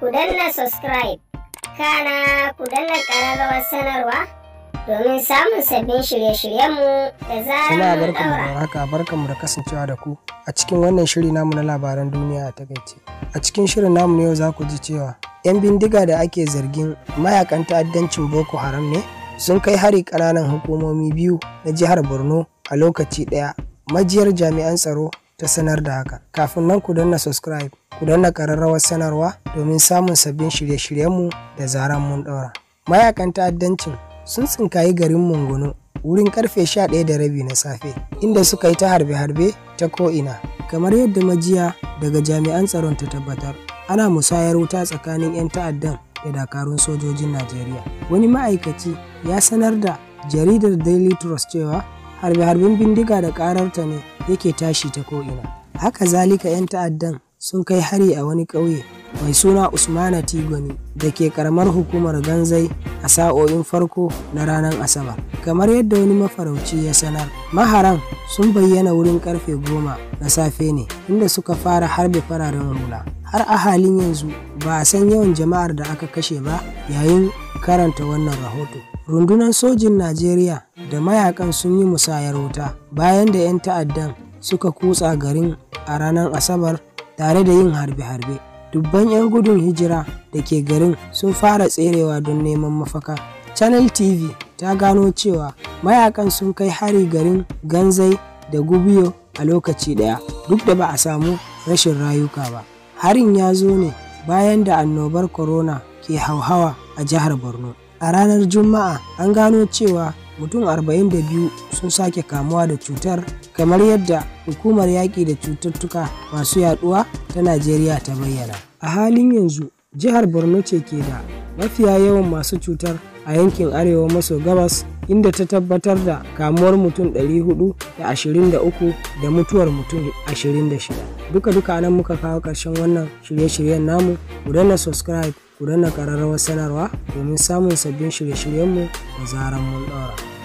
ku subscribe kana ku ƙararrawar sanarwa domin samun sabbin shirye-shiryenmu da zarar mun daura. haka barkanmu da kasancewa da ku a cikin wannan shiri namu na labaran duniya a takaice. A cikin shirin namu ne yau za ku ji cewa 'yan bindiga da ake zargin mayakan ta'addancin Boko Haram ne sun kai hari ƙananan hukumomi biyu na jihar Borno a lokaci ɗaya majiyar jami'an tsaro ta sanar da haka. Kafin nan ku danna subscribe, ku danna ƙararrawar sanarwa domin samun sabbin shirye-shiryenmu da zaran mun ɗaura. Mayakan ta'addancin sun tsinkayi garin mungunu wurin karfe ɗaya da rabi na safe, inda suka yi ta harbe-harbe ta ko'ina. Kamar yadda majiya daga jami'an tsaron ta tabbatar, ana musayar wuta tsakanin 'yan ta'addan da dakarun sojojin Najeriya. Wani ma'aikaci ya sanar da jaridar Daily Trust cewa harbe-harben bindiga da ƙararta ne yake tashi ta ko'ina. Haka zalika 'yan ta'addan sun kai hari a wani ƙauye mai suna Usmana Tigoni da ke karamar hukumar Ganzai a sa'o'in farko na ranar Asabar. Kamar yadda wani mafarauci ya sanar, maharan sun bayyana wurin karfe goma na safe ne inda suka fara harbe fararen hula. Har a halin yanzu ba a san yawan jama'ar da aka kashe ba yayin karanta wannan rahoto. Rundunar Sojin Najeriya da mayakan sun yi musayar wuta bayan da ‘yan ta'addan suka kutsa garin a ranar Asabar tare da yin harbe-harbe. Dubban 'yan gudun hijira da ke garin sun fara tserewa don neman mafaka. Channel TV ta gano cewa mayakan sun kai hari garin Ganzai da Gubiyo a lokaci ɗaya, duk da ba a samu rashin rayuka ba. Harin ya zo ne bayan da annobar corona ke hauhawa a jihar Borno. A ranar Juma'a, an gano cewa mutum 42 sun sake kamuwa da cutar kamar yadda Hukumar Yaƙi da Cututtuka Masu yaduwa ta Najeriya ta bayyana. A halin yanzu, jihar Borno ce ke da mafiya yawan masu cutar a yankin Arewa maso gabas inda ta tabbatar da kamuwar mutum 423 da mutuwar mutum 26. Duka-duka nan muka kawo ƙarshen wannan shirye-shiryen namu, ku danna subscribe ku danna ƙararrawar sanarwa domin samun sabbin shirye-shiryenmu da zaran mun ɗora.